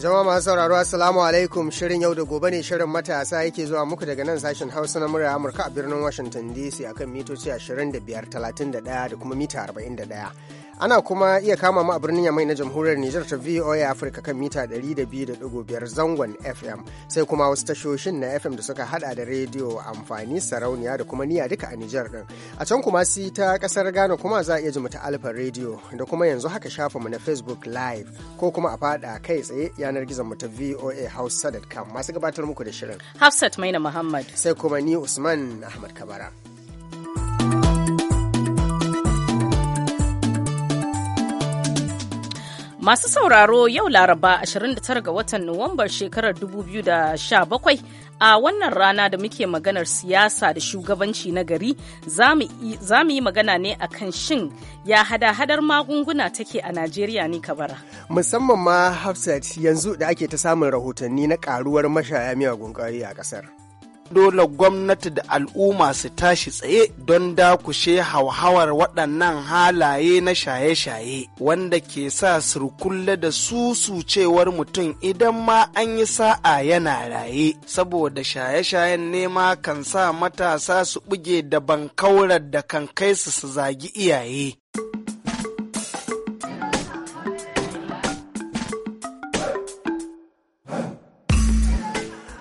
Jama'a masu sauraro Assalamu alaikum shirin yau da gobe ne shirin matasa yake zuwa muku daga nan sashen Hausa na murya Amurka a birnin Washington DC akan mitoci 25, 31 da kuma mita 41. ana kuma iya kama mu a birnin yamai na jamhuriyar Nijar ta VOA Africa kan mita 200.5 zangon FM sai kuma wasu tashoshin na FM da suka hada da rediyo amfani sarauniya da kuma niya duka a Nijar din a can kuma si ta kasar Ghana kuma za a iya ji mu ta Alfa rediyo, da kuma yanzu haka shafa mu na Facebook Live ko kuma a fada kai tsaye yanar gizon mu ta VOA Hausa.com masu gabatar muku da shirin Hafsat Maina Muhammad sai kuma ni Usman Ahmad Kabara Masu sauraro yau Laraba 29 ga watan Nuwambar shekarar 2017 a wannan rana da muke maganar siyasa da shugabanci na gari za mu yi magana ne a kan shin ya hada-hadar magunguna take a Najeriya ne kabara. Musamman ma Hafsat yanzu da ake ta samun rahotanni na karuwar mashaya miyagun ƙwari a ƙasar. dole gwamnati da al'umma su tashi tsaye don dakushe hauhawar waɗannan halaye na shaye-shaye wanda ke sa surkulle da susucewar mutum idan ma an yi sa'a yana raye saboda shaye-shayen nema kan sa matasa su buge da bankaurar da kan kai su su zagi iyaye.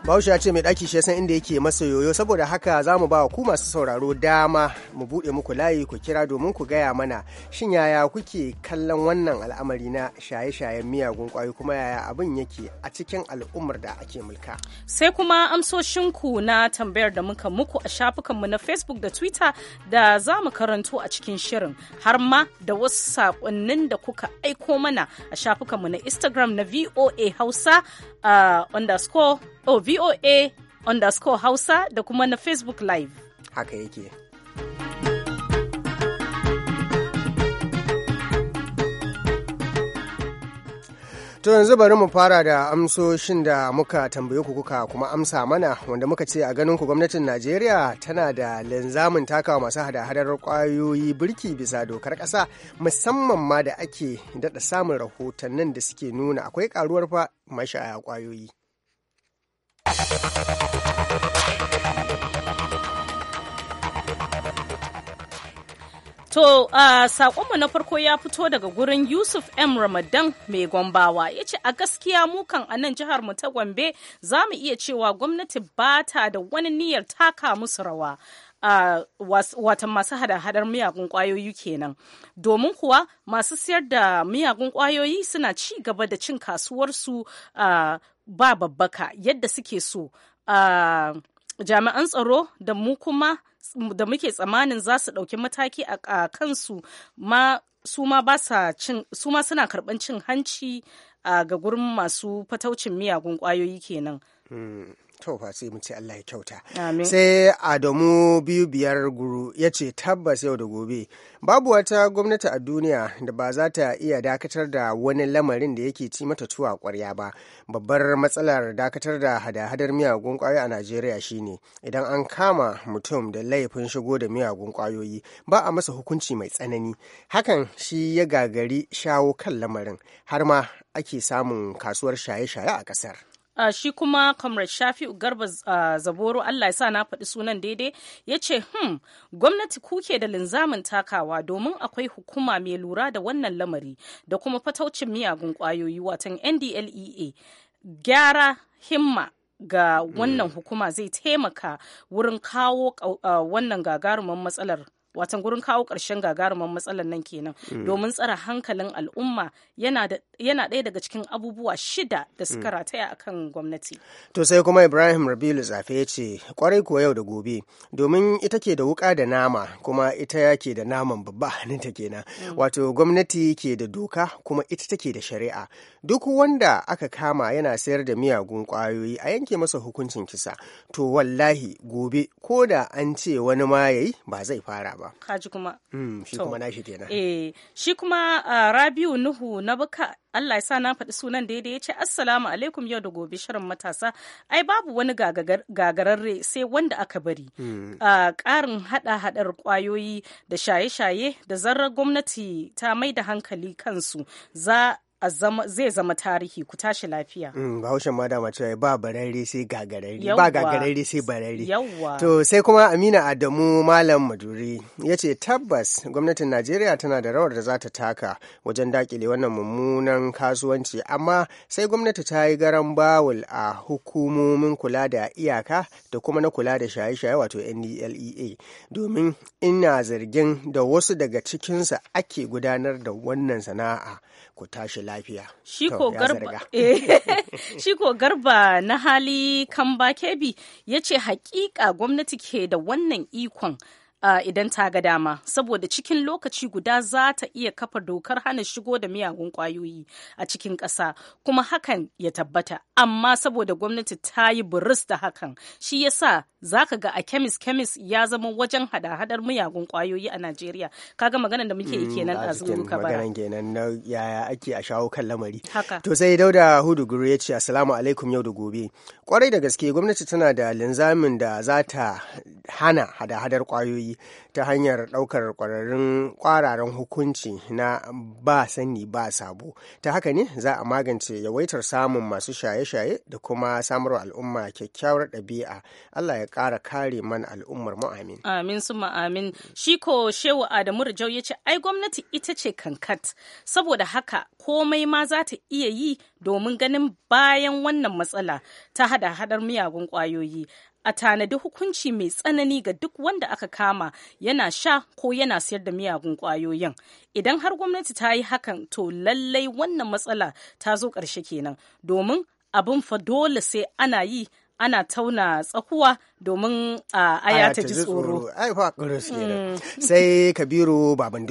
Bahaushe ya ce mai ɗaki shi san inda yake masa yoyo saboda haka za mu ba ku masu sauraro dama mu buɗe muku layi ku kira domin ku gaya mana shin yaya kuke kallon wannan al'amari na shaye-shayen miyagun ƙwayoyi kuma yaya abin yake a cikin al'ummar da ake mulka. Sai kuma amsoshinku na tambayar da muka muku a shafukanmu na Facebook da Twitter da za mu karanto a cikin shirin har ma da wasu saƙonnin da kuka aiko mana a shafukanmu na Instagram na VOA Hausa uh, underscore oh, voa underscore hausa da kuma na facebook live haka yake To yanzu bari mu fara da amsoshin da muka tambaye ku kuka kuma amsa mana wanda muka ce a ganin ku gwamnatin Najeriya tana da linzamin takawa masu hada-hadar kwayoyi birki bisa dokar ƙasa musamman ma da ake daɗa samun rahotannin da suke nuna akwai ƙaruwar fa mashaya kwayoyi. To, uh, saƙonmu na farko ya fito daga gurin Yusuf M. Ramadan mai gombawa ya ce a gaskiya mukan a nan jihar mu ta Gombe za mu iya cewa gwamnati ba ta da wani niyyar taka musu rawa. Uh, watan masu hada-hadar miyagun kwayoyi kenan domin kuwa masu siyar da miyagun kwayoyi suna ci gaba da cin kasuwarsu uh, ba babbaka yadda suke so uh, jami'an tsaro da mu kuma da muke tsamanin za su ɗauki mataki a kansu ma su ma suna karɓan cin hanci ga gurin masu fataucin miyagun ƙwayoyi kenan. Hmm. to fa sai mu ce Allah ya kyauta sai Adamu biyu biyar guru ya ce tabbas yau da gobe babu wata gwamnati a duniya da ba za ta iya dakatar da wani lamarin da yake ci mata tuwa kwarya ba babbar matsalar dakatar da hada-hadar miyagun kwayoyi a Najeriya shine idan an kama mutum da laifin shigo da miyagun kwayoyi ba a masa hukunci mai tsanani hakan shi ya gagari shawo kan lamarin har ma ake samun kasuwar shaye-shaye a kasar. Uh, shi kuma comrade shafi'u garba uh, zaboro allah ya sa na faɗi sunan daidai ya ce hmm gwamnati kuke da linzamin takawa domin akwai hukuma mai lura da wannan lamari da kuma fataucin miyagun ƙwayoyi watan ndlea gyara himma ga wannan mm. hukuma zai taimaka wurin kawo uh, wannan gagarumin matsalar watan gurin kawo ƙarshen gagarumin matsalar nan kenan mm. domin tsara hankalin al'umma yana ɗaya daga cikin abubuwa shida da suka mm. rataya a kan gwamnati. To sai kuma Ibrahim Rabilu Zafe ya ce kwarai kuwa yau da gobe domin ita ke da wuka da nama kuma ita ya ke da naman babba ta kenan mm. wato gwamnati ke da doka kuma ita take da shari'a duk wanda aka kama yana sayar da miyagun kwayoyi a yanke masa hukuncin kisa to wallahi gobe ko da an ce wani ma yayi ba zai fara ba kaji kuma mm, shi kuma shi kenan eh shi kuma ah, Rabiu Nuhu na buka Allah ya sa na faɗi sunan da ya ce assalamu alaikum yau da gobe shirin matasa ai babu wani gagararre sai wanda aka bari mm. ah, ƙarin haɗa-haɗar kwayoyi da shaye-shaye da zarar gwamnati ta mai da hankali kansu za zai zama tarihi ku tashi lafiya. Mm, Bahaushen ma dama cewa ba bararre sai gagararre ba gagararre sai bararre. To sai kuma Amina Adamu Malam Maduri ya ce tabbas gwamnatin Najeriya tana da rawar da za ta taka wajen dakile wannan mummunan kasuwanci amma sai gwamnati ta yi garan bawul a hukumomin kula da iyaka da kuma na kula da shaye-shaye wato NDLEA domin ina zargin da wasu daga cikinsa ake gudanar da wannan sana'a ku tashi lafiya. Eh, shi ko garba, na hali kamba kebi ya ce hakika gwamnati ke da wannan ikon Uh, idan ta ga dama saboda cikin lokaci guda za ta iya kafa dokar hana shigo da miyagun kwayoyi a cikin ƙasa kuma hakan ya tabbata amma saboda gwamnati ta yi buris da hakan shi yasa za ka ga a kemis kemis ya zama wajen hada-hadar miyagun kwayoyi a najeriya kaga maganar da muke yi mm, kenan a zuwa maganar kenan na yaya ake a shawo kan lamari to sai dauda hudu guru ya ce assalamu alaikum yau da gobe kwarai da gaske gwamnati tana da linzamin da za ta hana hada-hadar kwayoyi ta hanyar ɗaukar ƙwararrun ƙwararren hukunci na ba sani ba sabo ta haka ne za a magance yawaitar samun masu shaye-shaye da kuma samarwa al'umma kyakkyawar ɗabi'a allah ya ƙara kare man al'ummar mu amin amin su amin shi ko shehu adamu rajau ya ce ai gwamnati ita ce kankat saboda haka komai ma za ta iya yi domin ganin bayan wannan matsala ta hada hadar miyagun kwayoyi. a tanadi hukunci mai tsanani ga duk wanda aka kama yana sha ko yana sayar da miyagun kwayoyin idan har gwamnati ta yi hakan to lallai wannan matsala ta zo ƙarshe kenan domin abin fa dole sai ana yi ana tauna tsakuwa domin aya ta ji tsoro mm. sai kabiru baban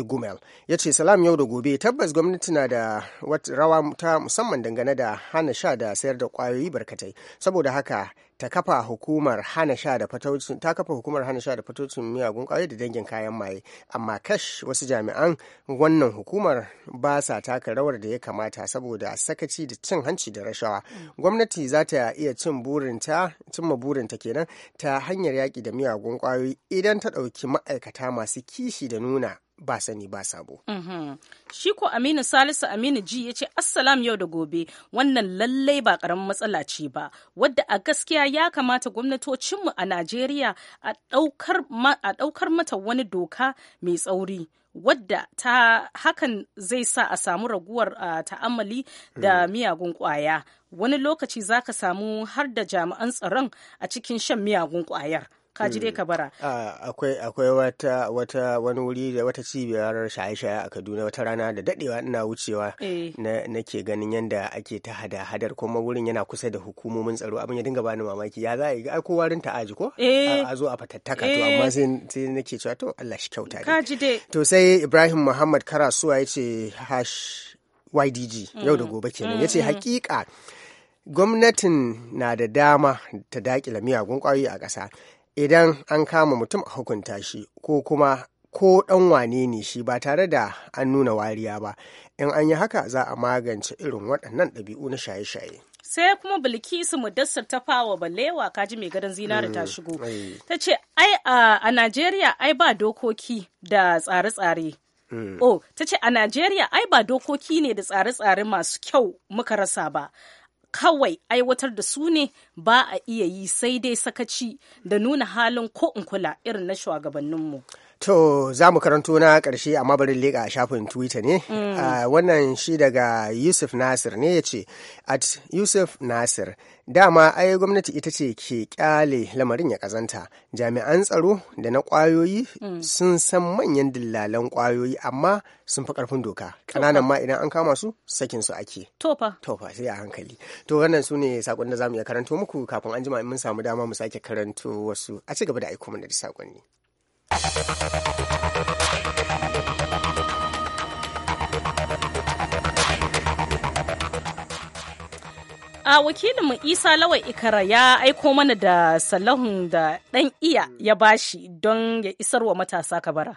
ya ce salam yau da gobe tabbas gwamnati na da rawa ta musamman dangane da hana sha da sayar da kwayoyi barkatai saboda haka ta kafa hukumar hana sha da fatocin ta kafa hukumar hana sha da fatocin miyagun ƙwayoyi da dangin kayan maye amma kash wasu jami'an wannan hukumar ba sa taka rawar da ya kamata saboda sakaci da cin hanci da rashawa mm. gwamnati za ta iya cin burinta cimma burinta kenan ta hanyar yaƙi da miyagun ƙwayoyi idan ta ɗauki ma'aikata masu kishi da nuna ba sani ba sabo. Mhm. Shi ko Aminu Salisu Aminu ji ya ce Assalam yau da gobe wannan lallai ba ƙaramin matsala ce ba wadda a gaskiya ya kamata gwamnatocinmu a Najeriya a ɗaukar mata wani doka mai tsauri. wadda ta hakan zai sa a samu raguwar ah, ta'amali da mm. miyagun ƙwaya. wani lokaci za ka samu har da jami'an tsaron a cikin shan miyagun kwayar? ka ji dai hmm. ka bara. Akwai akwai wata wata wani wuri da wata cibiyar shaye-shaye a Kaduna wata rana da dadewa ina wucewa eh. Na nake ganin yanda ake ta hada-hadar kuma wurin yana kusa da hukumomin tsaro abin ya dinga bani mamaki ya za a yi ga kowa rin ta'aji ko eh. a zo a fatattaka to amma eh. sai nake cewa to Allah shi kyauta ka dai to sai Ibrahim Muhammad Karasuwa yace ce hash YDG yau da mm. gobe kenan mm, yace ce mm. hakika gwamnatin na da dama ta daƙila miyagun kwayoyi a ƙasa idan an kama mutum a hukunta shi ko kuma ko ɗan wane ne shi ba tare da an nuna wariya ba in an yi haka za a magance irin waɗannan ɗabi'u na shaye-shaye sai kuma bilkisu mudassar ta fawa balewa kaji mai gadon zinari ta mm, shigo ta ce ai a najeriya ai ba dokoki da tsare-tsare mm. oh ta ce a najeriya ai ba dokoki ne da tsare-tsare masu kyau muka rasa ba kawai aiwatar da su ne ba a iya yi sai dai sakaci da nuna halin ko in kula irin na shugabanninmu. To za mu karanto na karshe amma bari leƙa a shafin Twitter ne. Mm. Ah, wannan shi daga Yusuf Nasir ne ya ce, at Yusuf Nasir, dama ai gwamnati ita ce ke ƙyale lamarin ya kazanta, Jami'an tsaro da na ƙwayoyi mm. sun san manyan dillalan ƙwayoyi amma sun fi ƙarfin doka. Ƙananan ma idan an kama su sakin su ake. Tofa. Tofa sai a hankali. To wannan su ne saƙon da za mu iya karanto muku kafin an jima in mun samu dama mu sake karanto wasu. A ci gaba da aiko mana da saƙonni. a wakilinmu isa lawai ikara ya aiko mana da salahun da ɗan iya ya bashi don ya isarwa matasa kabara.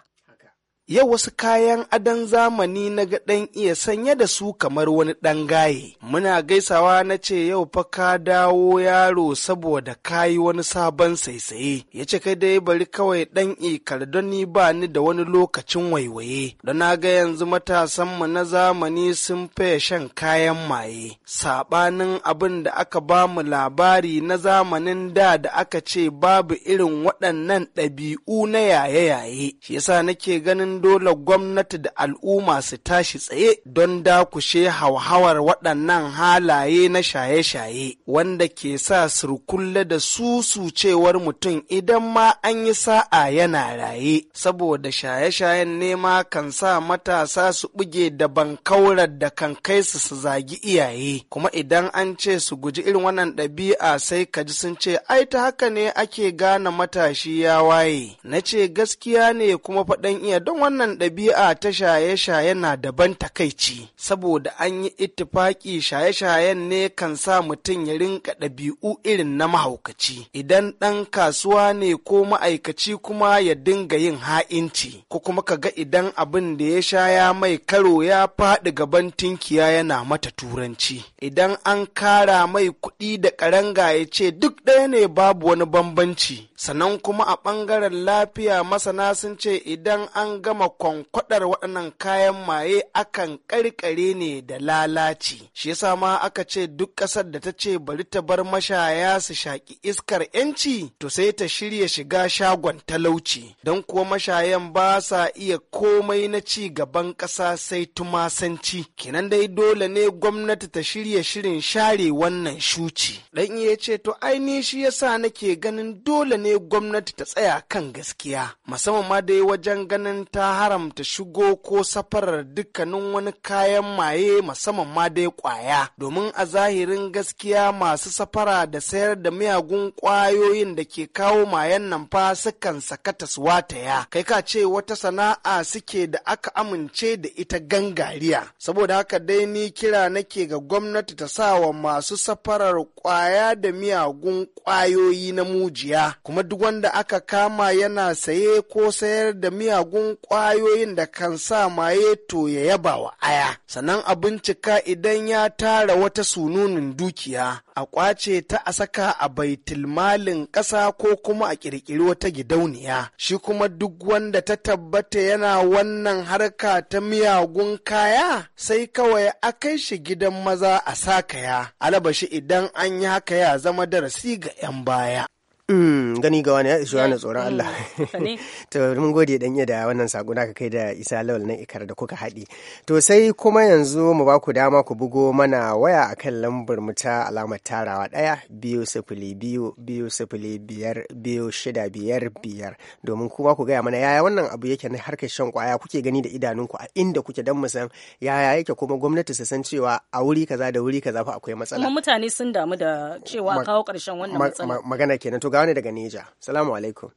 yau wasu kayan adon zamani na ga ɗan iya sanya da su kamar wani ɗan gaye. Muna gaisawa na ce yau fa ka dawo yaro saboda ka yi wani sabon saisaye. Ya ce kai dai bari kawai ɗan ikar don ni ba ni da wani lokacin waiwaye. Don na ga yanzu matasan mu na zamani sun faya shan kayan maye. Saɓanin abin da aka ba mu labari na zamanin da da aka ce babu irin waɗannan ɗabi'u na yaye-yaye. Shi yasa nake ganin dole gwamnati da al'umma su tashi tsaye don dakushe hauhawar waɗannan halaye na shaye-shaye wanda ke sa surkulle da susucewar mutum idan ma an yi sa'a yana raye saboda shaye-shayen nema kan sa matasa su buge da ban kaurar da kan kai su su zagi iyaye kuma idan an ce su guji irin wannan ɗabi'a sai ka ji sun ce ai ta haka ne ake gane matashi ya waye na ce gaskiya ne kuma faɗan iya don wannan ɗabi'a ta shaye-shaye na daban takaici, saboda an yi ittifaki shaye-shayen ne kan sa mutum ya rinka ɗabi'u irin na mahaukaci, idan ɗan kasuwa ne ko ma'aikaci kuma ya dinga yin ha'inci, ko kuma ka ga idan abin da ya sha ya mai karo ya faɗi gaban tinkiya yana mata turanci, idan an kara mai kuɗi da ƙaranga ya ce duk ɗaya ne babu wani bambanci. sannan kuma a ɓangaren lafiya masana sun ce idan an gama kwankwadar waɗannan kayan maye akan ƙarƙare ne da lalaci shi yasa ma aka ce duk ƙasar da ta ce bari ta bar mashaya su shaƙi iskar 'yanci to sai ta shirya shiga shagon talauci don kuwa mashayan ba sa iya komai na ci gaban ƙasa sai tumasanci kenan dai dole ne gwamnati ta shirya shirin share wannan shuci ɗan iya ce to aini shi yasa nake ganin dole ne ne gwamnati ta tsaya kan gaskiya musamman ma dai wajen ganin ta haramta shigo ko safarar dukkanin wani kayan maye musamman ma dai kwaya domin a zahirin gaskiya masu safara da sayar da miyagun kwayoyin da ke kawo mayan nan fa sukan sakata su wataya kai ka ce wata sana'a suke da aka amince da ita gangariya saboda haka dai ni kira nake ga gwamnati ta sa wa masu safarar kwaya da miyagun kwayoyi na mujiya kuma kuma duk wanda aka kama yana saye ko sayar da miyagun ƙwayoyin da kan sa maye to ya yaba wa aya sannan a bincika idan ya tara wata sununin dukiya a kwace ta a saka a baitulmalin ƙasa ko kuma a ƙirƙiri wata gidauniya shi kuma duk wanda ta tabbata yana wannan harka ta miyagun kaya sai kawai a kai shi gidan maza a sakaya alabashi idan an yi haka ya zama darasi ga 'yan baya Mm, gani ga wani ya wani tsoron Allah. Mm, to mun gode dan da wannan sako ka kai da Isa Lawal na ikar da kuka haɗi. To sai kuma yanzu mu ba ku dama ku bugo mana waya akan lambar mu ta alamar tarawa ɗaya biyu sifili biyu biyu sifili biyar biyu shida biyar biyar domin kuma ku gaya mana yaya wannan abu yake na harkar shan kwaya kuke gani da idanunku a inda kuke dan mu san yaya yake kuma gwamnati su san cewa a wuri kaza da wuri kaza fa akwai matsala. Kuma mutane sun damu da cewa kawo ƙarshen wannan matsala. Magana kenan to ga Sani daga Neja. Salamu alaikum.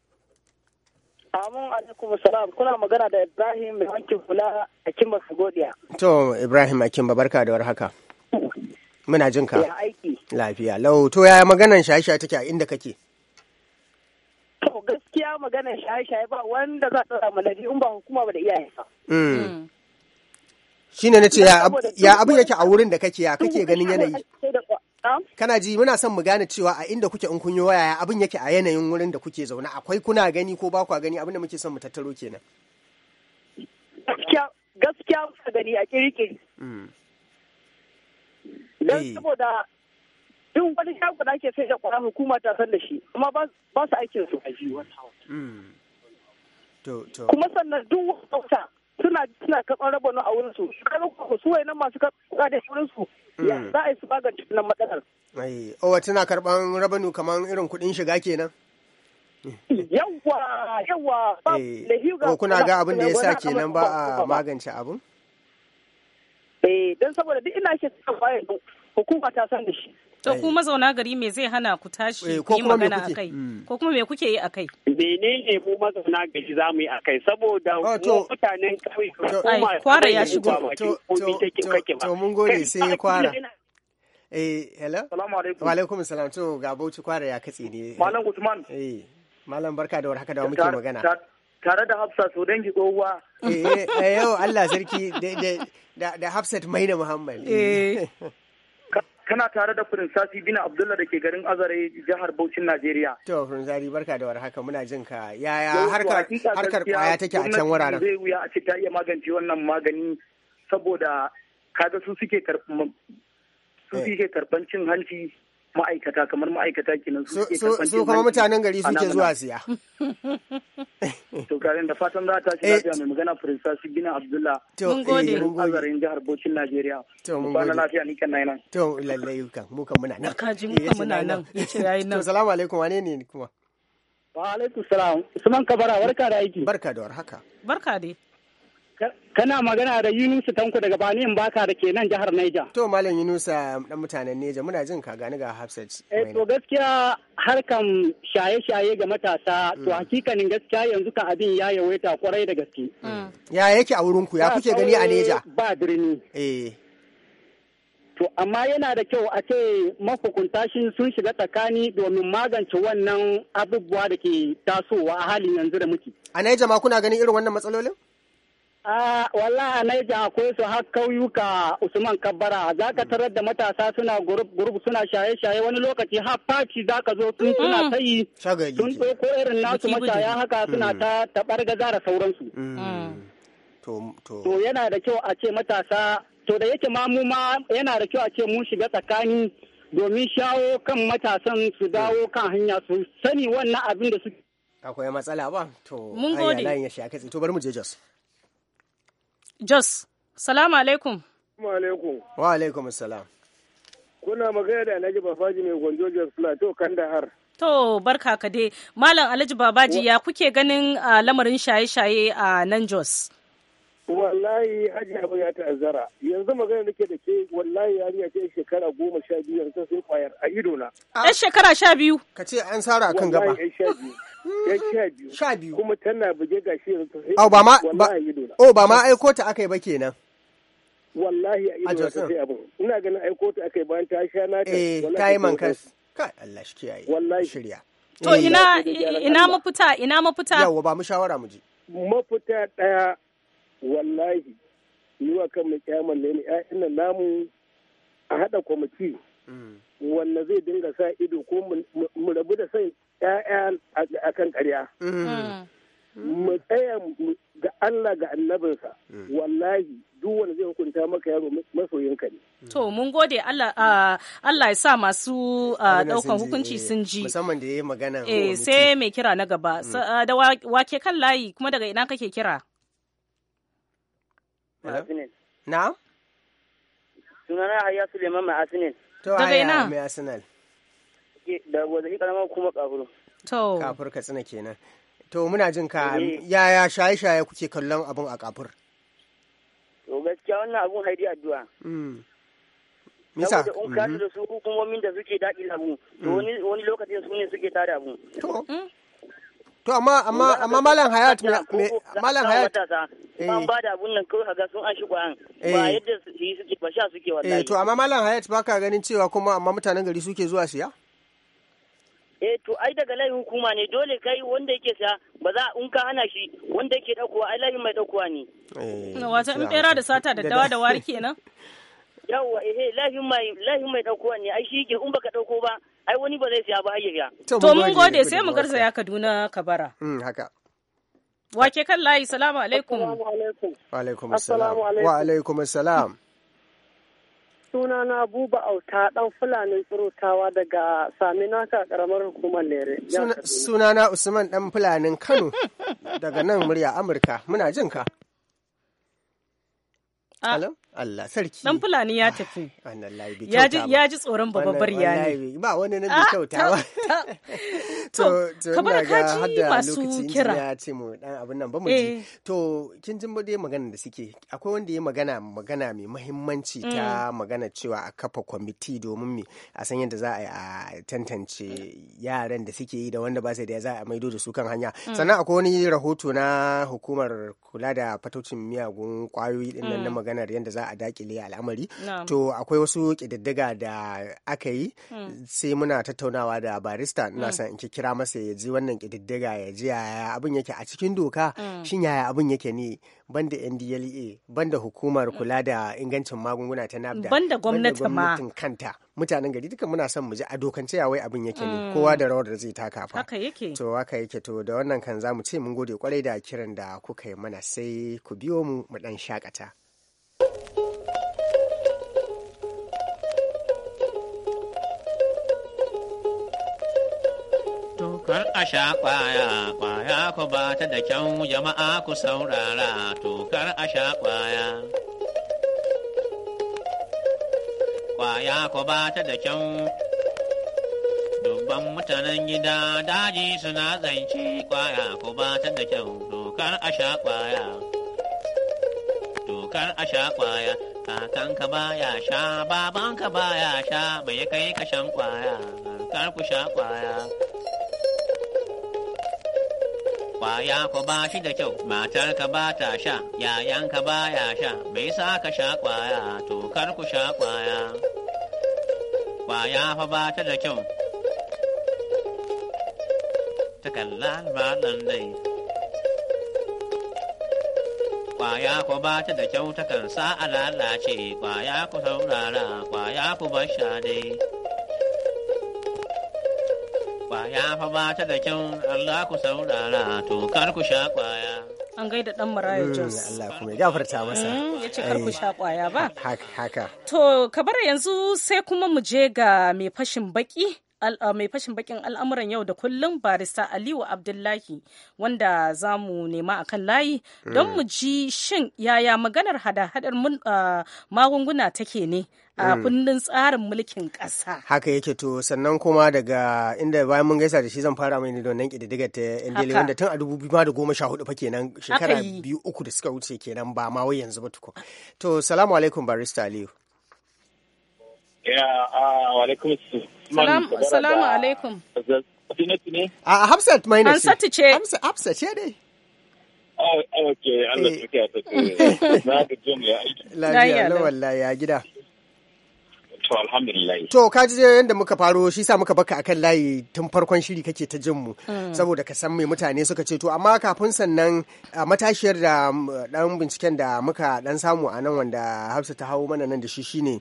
Amin alaikum salam kuna magana da Ibrahim mai Fula a Kimba Sagodiya. To Ibrahim a Kimba barka da warhaka. Muna jin ka. Ya aiki. Lafiya. Lau to yaya maganan shaye-shaye take a inda kake? To gaskiya maganan shaye-shaye ba wanda za ta samu nadi in ba hukuma ba da iyaye ba. Hmm. Shi ne na ce ya abu yake a wurin da kake ya kake ganin yanayi. Sai da Kana ji muna son mu gane cewa a inda kuke in kun yi waya abin yake a yanayin wurin da kuke zaune akwai kuna gani ko ba kwa gani abinda muke son mu tattaro kenan. Gaskiya gaskiya gani a kirkiri. Hmm. Don eh. saboda duk wani shago da ake sai da kwarar hukuma ta san da shi amma ba su aikin su a hmm. ji Kuma sannan duk wata suna suna karɓar rabano a wurin su kaga ko su masu karɓar da wurin su mm. za a yi su magance wannan matsalar ai owa tana karɓar rabano kamar irin kuɗin shiga kenan yawwa yawwa ba eh, kuna ga abin da ya sa kenan ba a magance abin eh don saboda duk ina shi kan bayan hukuma ta san da shi to ku eh. mazauna gari me zai hana ku tashi eh, ku yi magana kai hmm. ko kuma me kuke yi a kai. mene ne mu mazauna gari za mu yi a kai saboda ah, mutanen kauye kuma kwara ya shigo to to mun gode sai kwara eh hello assalamu alaikum wa alaikum salam to ga bauchi kwara ya katse ne malam usman eh malam barka da warhaka da muke magana tare da Hafsat so dangi gowa. Eh, eh, yau Allah sarki da Hafsat da Muhammad. kana tare da Firinsasi Bina Abdullah da ke garin Azare jihar Bauchin Najeriya. To Firinsari barka da warhaka muna jin ka. Yaya harkar harkar kwaya take a can wuraren? Zai wuya a ce ta iya magance wannan magani saboda kaga su suke karban eh. cin hanci ma'aikata kamar ma'aikata kenan su ke su kuma mutanen gari suke zuwa siya to karen da fatan za ta shi eh, lafiya mai magana firista su gina abdullah mun gode eh, mun gode azarin jihar bocin najeriya to mun gode lafiya ni kan nan to lallai kan mu kan muna nan kaji mu eh, kan muna nan yace yayi nan to assalamu alaikum wane ne kuma wa alaikum salam usman kabara barka da aiki barka da warhaka barka dai Kana magana da Yunusa Tanko daga Bani in baka da ke nan jihar Neja. To Malam Yunusa dan mutanen Neja muna jin ka gani ga Hafsat. Eh to gaskiya harkan shaye-shaye ga matasa to mm. hakikanin gaskiya yanzu ka abin ya yawaita kwarai da gaske. Mm. Ya yake a wurin ku ya kuke gani a Neja? Ba birni. Eh. To amma yana da kyau a ce mahukunta shi sun shiga tsakani domin magance wannan abubuwa da ke tasowa a halin yanzu da muke. A Neja ma kuna ganin irin wannan matsalolin? A walla a Naija akwai su har kauyuka Usman Kabbara za ka tarar da matasa suna gurup suna shaye-shaye wani lokaci har faci za ka zo sun suna ta yi sun ɗauko irin nasu mashaya haka suna mm. ta tabar gaza da sauransu. Mm. Ah. To yana da kyau a ce matasa to da yake ma mu ma yana da kyau a ce mun shiga tsakani domin shawo kan matasan su dawo mm. kan hanya su sani wannan abin da su. Akwai matsala ba? To, mun gode. ya to bari mu je Jos. Jos, salamu alaikum. alaikum. Wa alaikum salam. Kuna magana da Alhaji Babaji mai gwanjo Jos Plateau Kandahar. To barka ka dai. Malam Alhaji Babaji ya kuke ganin ah, lamarin shaye-shaye a ah, nan Jos? wallahi hajiya abin ya ta'azzara yanzu magana nake da ke wallahi yarinya ce shekara goma sha biyu yanzu sun kwayar a ido na yan shekara sha biyu ka ce an sara akan gaba wallahi yan sha biyu kuma tana buge gashi yanzu sai ba ma oh ba ma aiko ta akai ba kenan wallahi a ido ta sai abin ina ganin aiko ta akai bayan ta sha na eh, ta eh kai mankas kai Allah shi kiyaye wallahi shirya to eh. ina ina mafita ina mafita yawa ba mu shawara mu ji mafita daya wallahi yi wa kan mu ne ƴaƴan nan namu a haɗa kwamiti mm. wanda zai dinga sa ido ko mu rabu da san ƴaƴan a kan ƙarya mm. mu tsaya ga Allah ga annabinsa mm. wallahi duk wanda zai hukunta maka yaro masoyinka ne to mun gode Allah Allah ya sa masu daukan hukunci sun ji musamman da yi magana eh, sai mai kira na gaba da wake kan layi kuma daga ina kake kira ma'asinin na sunana hayya mai ma'asinin to hayya mai arsenal da gwazafi karamar kuma kafuru to kafur ka tsina kenan to muna jin ka eh. yaya shaye-shaye kuke kallon abun a kafur to gaskiya wannan abun haidi addu'a Misa. Hmm. Saboda in ka mhm. da su hukumomin da suke daɗi labu to hmm. wani lokacin su ne suke tada abu. To, hmm. To amma amma amma Malam Hayat Malam Hayat eh. ban ba da abun nan kawai kaga sun an shigo an ba eh. yadda su yi suke ba sha suke eh, wallahi. Eh to amma Malam Hayat ba ka ganin cewa kuma amma mutanen gari suke zuwa siya? eh to ai daga lai hukuma ne dole kai wanda yake sa ba za in ka hana shi wanda yake dakuwa ai lai mai dakuwa ne wato in bera da sata da dawa da wari kenan yawa eh layin mai layin mai daukowa ne ai shi yake in baka dauko ba ai wani ba zai siya ba ya to mun gode sai mu garzaya Kaduna Kabara mm haka wake kan layi salamu alaikum wa alaikum salam. wa alaikum Suna sunana buba auta dan fulanin tsirutawa daga saminaka karamar hukumar lere sunana usman dan fulanin kano daga nan murya amurka muna jin ka ah, Allah sarki. Dan Fulani ya ah, tafi. Ya ji tsoron babbar ya ne. Ba wani nan da ah, kyautawa. To, kamar kaji ji masu kira. Ya ce mu dan abin nan ba mu ji. Eh. To, kin jin dai magana da suke. Akwai wanda ya magana magana mai mahimmanci ta mm. magana cewa a kafa kwamiti domin mi a san yadda za a tantance yaran da suke yi da wanda ba sai da za a maido da su kan hanya. Mm. Sannan akwai wani rahoto na hukumar kula da fatocin miyagun kwayoyi din nan na mm. maganar yadda za a dakile al'amari to akwai wasu kididdiga da aka yi hmm. sai muna tattaunawa da barista ina hmm. son in kira masa ya ji wannan kididdiga ya ji yaya abin yake a cikin doka hmm. shin yaya abin yake ne banda ndla banda hukumar kula da ingancin magunguna ta nafda banda gwamnatin kanta mutanen gari duka muna son mu ji a dokance ya wai abin yake ne kowa da rawar da zai taka fa haka yake to haka yake to da wannan kan zamu ce mun gode kwarai da kiran da kuka yi mana sai ku biyo mu mu dan shakata kar a sha kwaya kwaya ku ba ta da kyan jama'a ku saurara to kar a sha kwaya kwaya ku ba ta da kyan dubban mutanen gida daji suna zance kwaya ku ba ta da kyan dokar a sha kwaya dokar a sha kwaya kakanka ya sha babanka ya sha bai kai kashan kwaya kar ku sha kwaya kwaya ku ba shi da kyau matar ka ba ta sha yayan ka ba ya sha me yasa ka sha kwaya to kar ku sha kwaya kwaya fa ba ta da kyau ba nan dai kwaya ku ba ta da kyau takan sa a lalace kwaya ku saurara kwaya ku bar sha dai ya fa ba ta da kyau Allah ku saurara to kar ku sha kwaya. An gaida dan Maraya hmm, Jones. Allah kuma ya gafarta masa. Hmm, ya ce kar ku sha kwaya ba. Haka. To ka kabara yanzu sai kuma mu je ga mai fashin baki mai fashin bakin al'amuran yau da kullum barista aliyu abdullahi wanda za mu nema a kan layi don mu mm. ji shin yaya maganar hada-hadar magunguna take ne a mm. kundin tsarin mulkin ƙasa. Haka yake to sannan kuma daga inda bayan mun gaisa da shi zan fara mai ne don nan ƙididdigar ta NDL wanda tun a dubu biyu da goma sha hudu fa kenan shekara biyu uku da suka wuce kenan ba ma wai yanzu ba tukun. To salamu alaikum barista Aliyu. Ya, alaikum salam. Salamu A Hafsat mai nasi. ce. Na ga ya aiki. To alhamdulillah. To ka ji yadda muka faro shi sa muka baka akan layi tun farkon shiri kake ta jin mu saboda ka san mai mutane suka ce to amma kafin sannan matashiyar da dan binciken da muka dan samu a nan wanda Hafsa ta hau mana nan da shi shine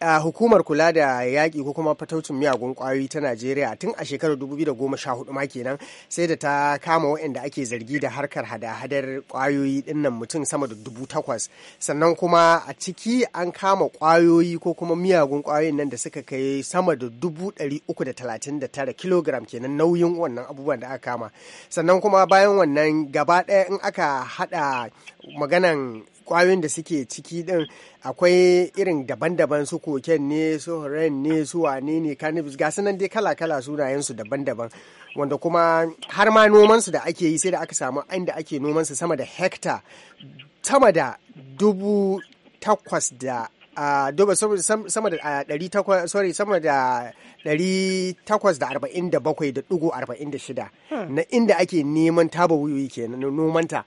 A hukumar kula da yaƙi ko kuma fataucin miyagun ƙwayoyi ta najeriya tun a shekarar 2014 ma kenan sai da ta kama waɗanda ake zargi da harkar hada-hadar ƙwayoyi dinnan mutum sama da dubu takwas sannan kuma a ciki an kama ƙwayoyi ko kuma miyagun ƙwayoyin nan da suka kai sama da dubu ɗari uku da talatin da tara kilogram kenan nauyin wannan abubuwan da aka kama sannan kuma bayan wannan gaba ɗaya in aka haɗa maganan kwayoyin da suke ciki din akwai irin daban-daban su koken ne su ren ne su wane ne carnivores ga nan dai kala-kala sunayen su daban-daban wanda kuma har ma noman su da ake yi sai da aka samu inda ake noman su sama da hekta sama da dubu takwas da a sama da ɗari takwas sorry sama da ɗari takwas da arba'in da bakwai da ɗigo arba'in da shida hmm. na inda ake neman taba wuyoyi kenan nomanta.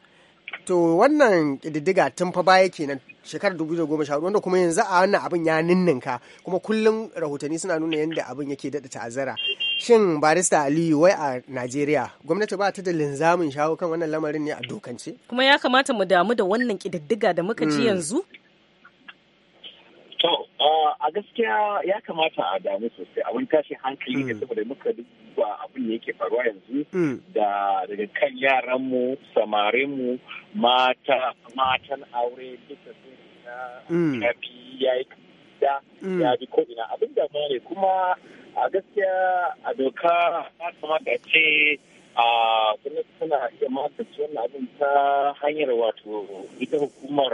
To wannan ƙididdiga tun fa baya kenan shekarar 2014 wanda kuma yanzu a wannan abin ya ninninka kuma kullum rahotanni suna nuna yadda abin yake daɗa ta'azara Shin barista Aliyu wai a Najeriya gwamnati ba ta da linzamin shawo kan wannan lamarin ne a dokance? Kuma ya kamata mu damu da wannan ƙididdiga da muka ci hmm. yanzu? To, uh, a gaskiya ya kamata a damu sosai abin tashi hankali ne hmm. saboda muka duba abin da yake faruwa yanzu hmm. da daga kan yaranmu, samarinmu, mata, matan aure duka sun hmm. ya fi ya yi da ya bi ko'ina abin da ne kuma a gaskiya a doka ya kamata ce a kuma tana iya magance wannan abin ta hanyar wato ita hukumar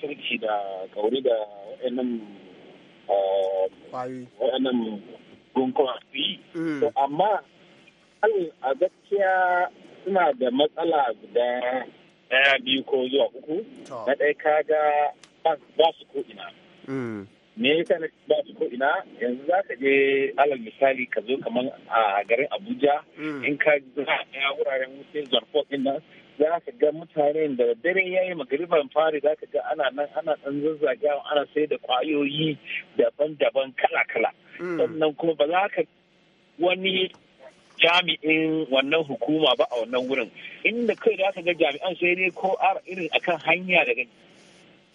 kirki da kauri da wa'annan eh, wa'annan gunkuwa su mm. amma a gaskiya suna da matsala guda daya biyu ko zuwa uku na ɗaya kaga ba su ko ina mm. me yasa na ba su ko ina yanzu za ka je alal misali ka zo kamar a garin abuja mm. in ka zuwa a wuraren wuce zarfo din za ka ga mutane da dare ya yi magariban fari za ka ga ana nan ana ɗan zazzagewa ana sai da kwayoyi daban-daban kala-kala hmm. sannan kuma ba za ka wani jami'in wannan hukuma ba a wannan wurin inda kai za ka ga jami'an sai dai ko ar irin akan hanya daga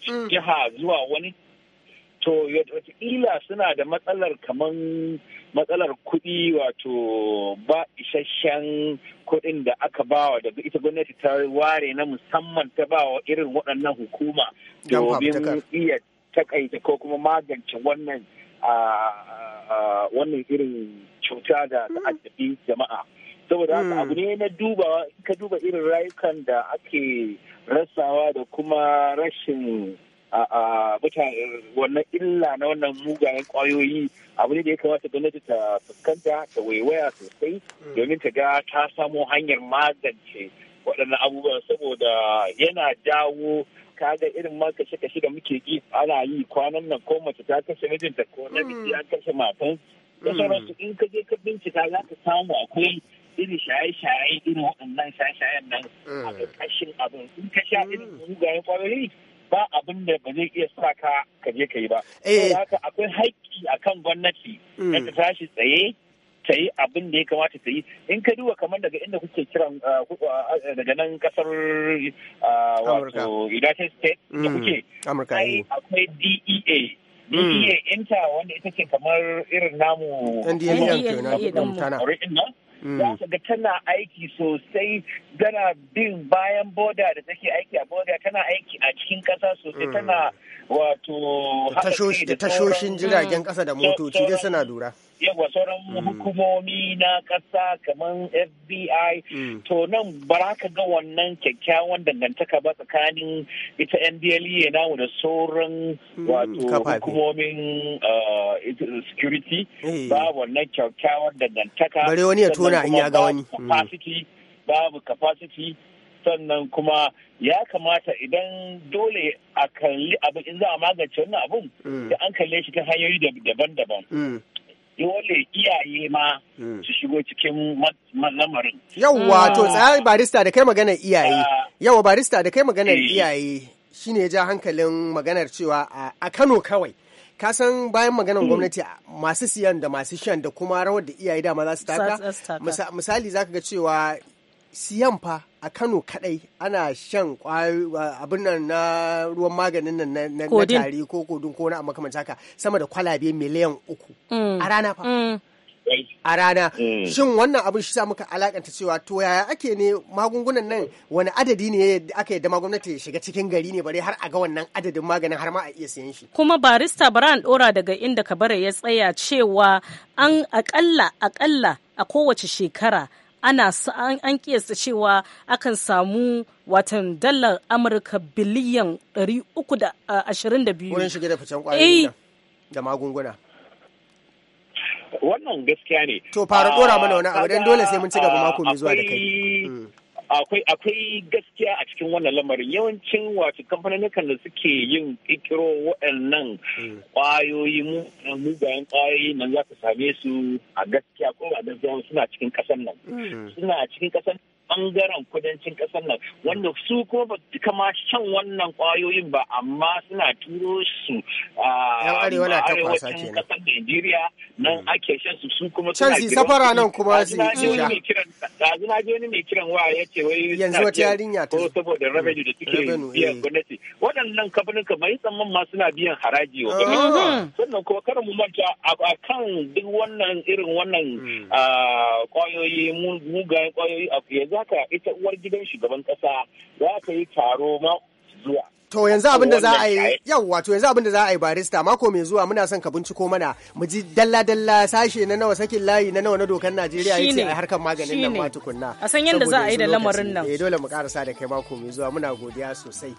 hmm. jiha zuwa wani to wataƙila suna da matsalar kamar. matsalar kuɗi wato ba isasshen kuɗin da aka bawa daga ita gwamnati ta ware na musamman ta bawa irin waɗannan hukuma domin iya takaita ko kuma magance wannan wannan irin cuta da mm. addabi jama'a saboda haka mm. abu ne na dubawa ka duba irin rayukan da ake rasawa da kuma rashin a mutane wannan illa na wannan mugayen kwayoyi abu ne da ya kamata gwamnati ta fuskanta ta waiwaya sosai domin ta ga ta samo hanyar magance waɗannan abubuwa saboda yana jawo kaga irin ma kashe kashe da muke yi ana yi kwanan nan ko mace ta kashe mijinta ko na mm. biki ya kashe matan da mm. sauransu in ka je ka bincika za ka samu akwai irin shaye-shaye irin waɗannan shaye-shayen nan mm. a ƙarƙashin abin in ka sha irin mugayen kwayoyi ba abin da ba zai iya sa ka ka je ka yi ba. Eh. haka akwai haƙƙi akan gwamnati hmm. na ta tashi tsaye ta yi abin da ya kamata ta yi in ka duba kamar daga inda kuke kiran uh, uh, uh, daga nan kasar wato United States da hmm. kuke eh. akwai DEA hmm. DEA inta wanda ita ce kamar irin namu NDA Mm. za ka ga tana aiki sosai tana bin bayan boda da take aiki a boda tana aiki a cikin kasa sosai mm. tana wato tashoshin jiragen kasa mm. da motoci dai suna lura yawa sauran mm. hukumomi na kasa kamar FBI mm. to nan ba ka ga wannan kyakkyawan dangantaka ba tsakanin ita NDLEA namu da sauran mm. wato hukumomin uh, security eh. ba wannan kyakkyawan dangantaka bare wani ya tona in ya ga wani babu capacity sannan kuma ya kamata idan dole a kalli abin in za a magance wannan abun da an kalle shi ta hanyoyi daban-daban dole iyaye ma hmm. su shigo cikin lamarin. Yawwa to ah. tsayar barista da kai maganar iyaye. Ah. Yawwa barista da kai maganar eh. iyaye shine ya ja hankalin maganar cewa a Kano kawai. ka san bayan maganar hmm. gwamnati masu siyan da masu shan da kuma rawar da iyaye dama za su taka misali zaka ga cewa siyan fa a Kano kadai ana shan abin nan na ruwan maganin nan na tari ko kodin ko na makamanta haka sama da kwalabe miliyan uku mm. a rana fa. Mm. a rana mm. shin wannan abin shi sa muka alakanta cewa to yaya ake ne magungunan nan wani adadi ne aka yadda ma gwamnati ya shiga cikin gari ne bare har a ga wannan adadin maganin har ma a iya siyan shi kuma barista bara dora daga inda kabara ya tsaya cewa an akalla akalla a kowace shekara ana an kiyasta cewa akan samu watan dalar amurka biliyan 322 da ficen eh. da magunguna wannan gaskiya ne to fara dora mana wani abu ah, don dole sai mun ci gaba mako mai zuwa da kai hmm. akwai akwai gaskiya a cikin wannan lamarin yawancin wato kamfanonukan da suke yin kirkiro waɗannan hmm. ƙwayoyi mugayen ƙwayoyi nan za ka same su a gaskiya ko a gaskiya suna cikin ƙasar nan hmm. suna cikin ƙasar bangaren kudancin kasar nan wanda su ko ba kama ma shan wannan kwayoyin ba amma suna turo su a arewacin kasar Najeriya nan hmm. ake shan su su kuma suna su safara nan kuma su sha dazu na je wani mai kiran wa ya ce wai yanzu wata yarinya ta saboda hmm. revenue da suke biyan eh. gwamnati waɗannan kamfanin kamar yi tsamman ma suna biyan haraji wa gwamnati sannan kuma kar mu manta akan duk wannan irin wannan hmm. kwayoyi mugayen kwayoyi a haka ita uwar gidan shugaban kasa za ta yi taro ma zuwa To yanzu abin da za a yi yawwa to yanzu abin da za a yi barista mako mai zuwa muna son ka binciko mana mu ji dalla dalla sashe na nawa sakin layi na nawa na dokar Najeriya yace a harkar maganin nan ma tukunna. A san yadda za a yi da lamarin nan. Eh dole mu karasa da kai mako mai zuwa muna godiya sosai.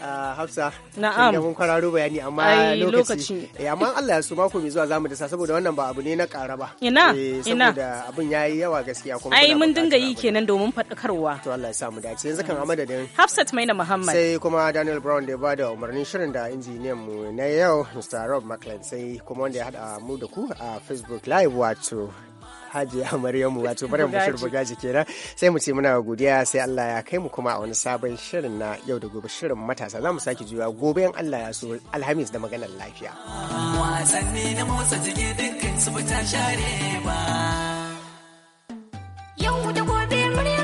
Hafsa. Na'am. Kin kwararo bayani amma lokaci. Eh amma Allah ya su mako mai zuwa zamu dasa saboda wannan ba abu ne na ƙara ba. Ina. Eh, Ina. Saboda abun yayi yawa gaskiya kuma. Ai mun dinga yi kenan domin faɗakarwa. To Allah ya sa mu dace. Yanzu kan a madadin. Hafsat Maina Muhammad. Sai kuma Daniel Brown da ya bada umarnin shirin da injiniyan mu na yau Mr. Rob McLean sai kuma wanda ya hada mu da ku a Facebook Live wato hajiya maryamu wato maryam buga bugaji kenan sai mu ce muna godiya sai Allah ya kai mu kuma a wani sabon shirin na yau da gobe shirin matasa za mu sake juya gobe in Allah ya so alhamis da maganar lafiya wasanni na motsa jiki dukkan su ba ta share ba yau da gobe